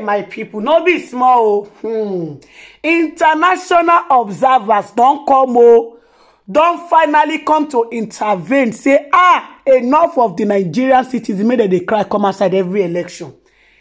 my people, no be small o oh. hmm. international observers don't come Oh, don't finally come to intervene say ah enough of the nigerian citizens make dem dey cry come outside every election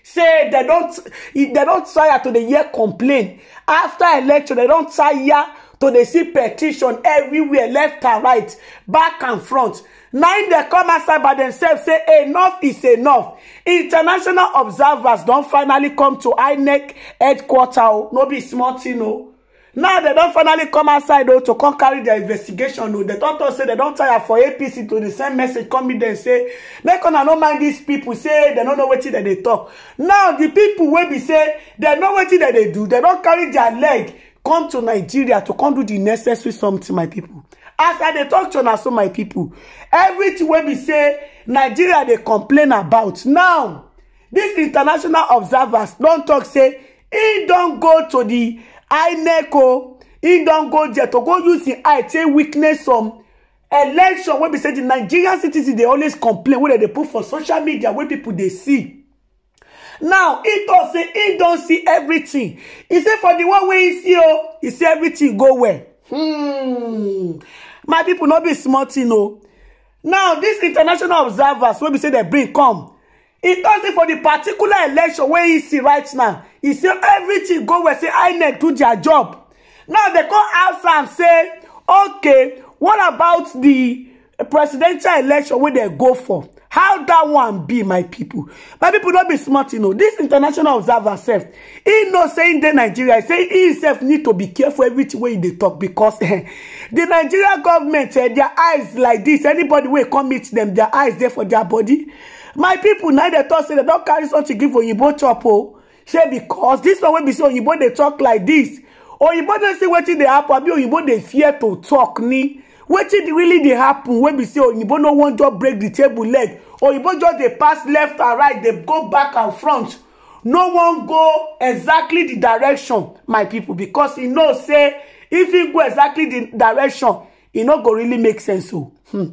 say they don't, they don't tire to dey hear complain after election They don tire to dey see petition everywhere left and right back and front na im dey come outside by themselves say enough is enough international observers don finally come to inec headquarter oh. no be small tin o oh now they don't finally come outside o to come carry their investigation No, they don't say they don't tire for apc to the same message come meet dem say make una no mind these people say they don't know what dem they talk." now the people will be say dem know what dem they do They don't carry their leg come to nigeria to come do the necessary something my people. as i dey tok to una so my people, everything will be say nigeria they complain about now these international observers don't talk. say he don't go to the inec o e don go there to go use im eye take witness some election wey be say the nigerian citizens dey always complain wey dem dey put for social media wey people dey see now e tok say e don see everything e say for the one wey e see o e say everything go well hmm my people no be small tin o now dis international observers wey be say dem bring come e tok say for the particular election wey e see right now He say everything go well say inec do their job now they come ask am say okay what about the presidential election wey dem go for how dat one be my pipo my pipo no be smart you know dis international observer sef e know say im dey nigeria say e sef need to be careful everything wey e dey tok becos di nigeria government dia eh, eyes like dis anybody wey come meet dem dia eyes dey for dia body my pipo na dey talk say dem don carry something give oyibo chop o oh say because this one wey be you oyibo dey talk like this, dis oyibo don see what dey happen You oyibo dey fear to talk ni did really dey happen wey be say oyibo no one just break the table leg or you oyibo just they pass left and right they go back and front no one go exactly the direction my people, because e know say if e go exactly the direction e no go really make sense o oh. hmm.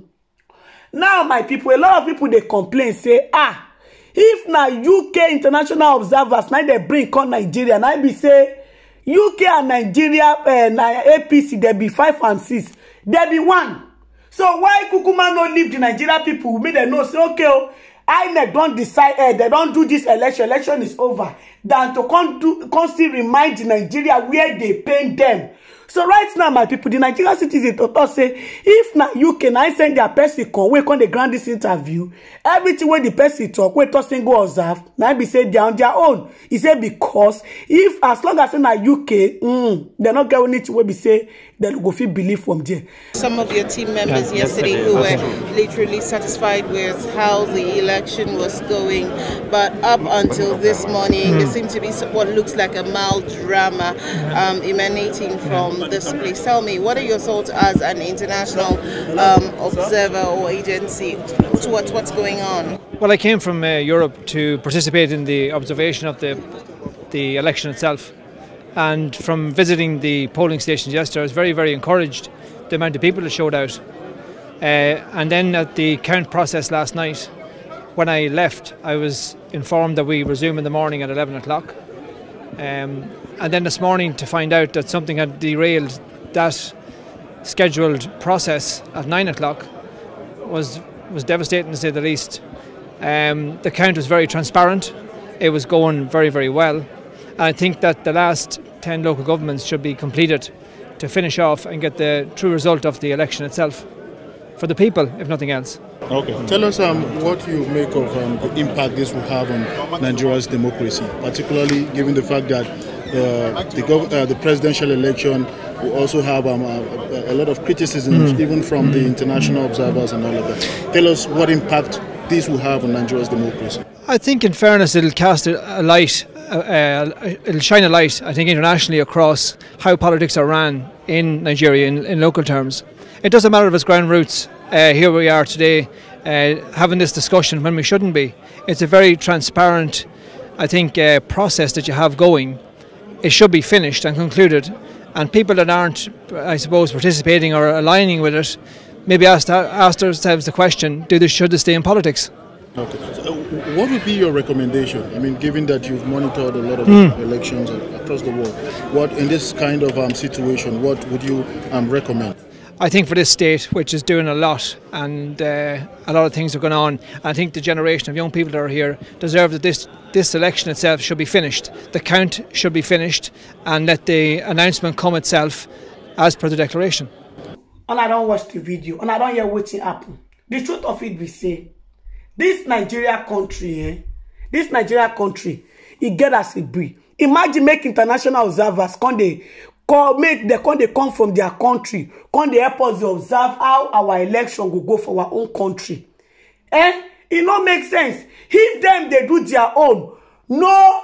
now my people, a lot of people they complain say ah if na uk international observers na dem bring come nigeria na be say uk and nigeria eh, na apc dem be five and six dem be one so why kukuma no leave di nigeria pipo make dem know say okay o oh, inec don decide eh dem don do dis election election is over than to come still remind di nigeria where dey pain dem so right now my people, the nigeria citizen to say if now uk can i send their person come wait come the grant this interview everything when the person talk, wey tosin go observe now be say dia on their own He said because if as long as in the uk mm, dem no get anything to be say they go feel belief from there. some of your team members yesterday who were literally satisfied with how the election was going but up until this morning hmm. there seemed to be what looks like a mild drama um, emanating from this place. Tell me, what are your thoughts as an international um, observer or agency to what, what's going on? Well, I came from uh, Europe to participate in the observation of the, the election itself. And from visiting the polling stations yesterday, I was very, very encouraged the amount of people that showed out. Uh, and then at the count process last night, when I left, I was informed that we resume in the morning at 11 o'clock. Um, and then this morning to find out that something had derailed that scheduled process at nine o'clock was was devastating to say the least. Um, the count was very transparent. It was going very very well, and I think that the last ten local governments should be completed to finish off and get the true result of the election itself for the people, if nothing else. Okay. Tell us um, what you make of um, the impact this will have on Nigeria's democracy, particularly given the fact that uh, the, gov- uh, the, presidential election will also have um, a, a, lot of criticisms, mm. even from the hmm. international observers and all of that. Tell us what impact this will have on Nigeria's democracy. I think, in fairness, it'll cast a light uh, uh, it'll shine a light, I think, internationally across how politics are ran in Nigeria in, in local terms it doesn't matter if it's ground roots. Uh, here we are today uh, having this discussion when we shouldn't be. It's a very transparent, I think, uh, process that you have going. It should be finished and concluded, and people that aren't, I suppose, participating or aligning with it, maybe ask, ask themselves the question: Do they should they stay in politics? Okay. So, uh, what would be your recommendation? I mean, given that you've monitored a lot of mm. elections across the world, what in this kind of um, situation, what would you um, recommend? I think for this state, which is doing a lot and uh, a lot of things are going on, I think the generation of young people that are here deserve that this this election itself should be finished. The count should be finished, and let the announcement come itself, as per the declaration. And I don't watch the video, and I don't hear what happen. The truth of it, we say, this Nigeria country, eh? this Nigeria country, it get as it be. Imagine make international observers come they call make dem come dey come from their country come dey help us dey observe how our election go go for our own country eh e no make sense if dem dey do their own no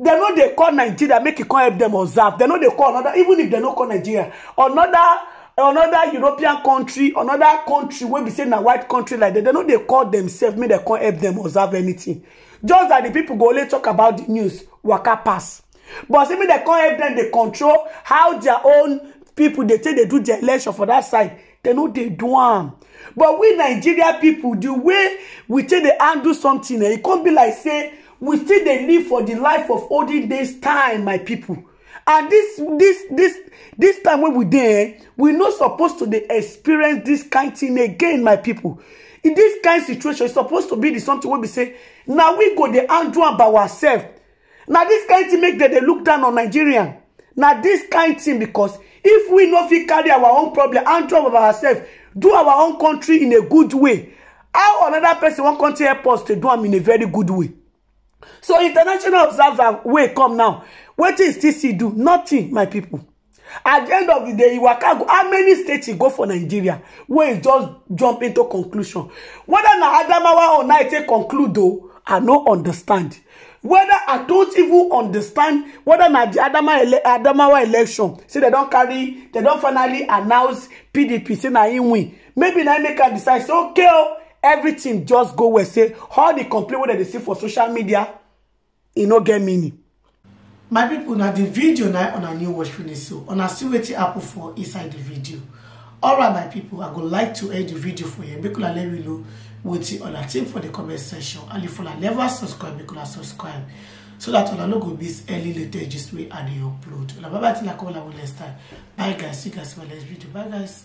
dem no dey call nigeria make e come help dem observe dem no dey call another even if dem no call nigeria another another european country another country wey be say na white country like that dem no dey call themselves make dem come help dem observe anything just that the people go only talk about the news waka pass but see me dem come help dem dey control how their own people. dey take dey do their election for that side dem no dey do am but we nigeria people, the way we take dey handle something e eh, come be like say we still dey live for the life of olden days time my people. and this, this, this, this time wey we dey eh, we no suppose to dey experience this kind thing again my people. in this kind situation e suppose to be the something wey be say na we go dey handle am by ourselves na dis kain tin make dem they look down on nigeria na dis kain thing because if we no fit carry our own problem and trouble by ourselves do our own country in a good way how another person wan country help us to do them in a very good way so international observers, wey come now wetin still see do nothing my people at the end of the day waka go how many states e go for nigeria wey e just jump into conclusion whether na adamawa or na conclude though, i no understand whether i don't even understand whether na di adamawa election see they don't carry they don't finally announce pdp say na im win maybe na im make am decide say okay oh, everything just go where say all the complaint wey they see for social media e no get meaning my people, now the video now on a new watch finish so on una see wetin happen for inside the video alright my people, i would like to end the video for here make una let me know on una think for the comment section and if una never subscribe make una subscribe so that on no logo be early later just wey i dey upload una bye bye till i come una next bye guys see you guys for next video bye guys.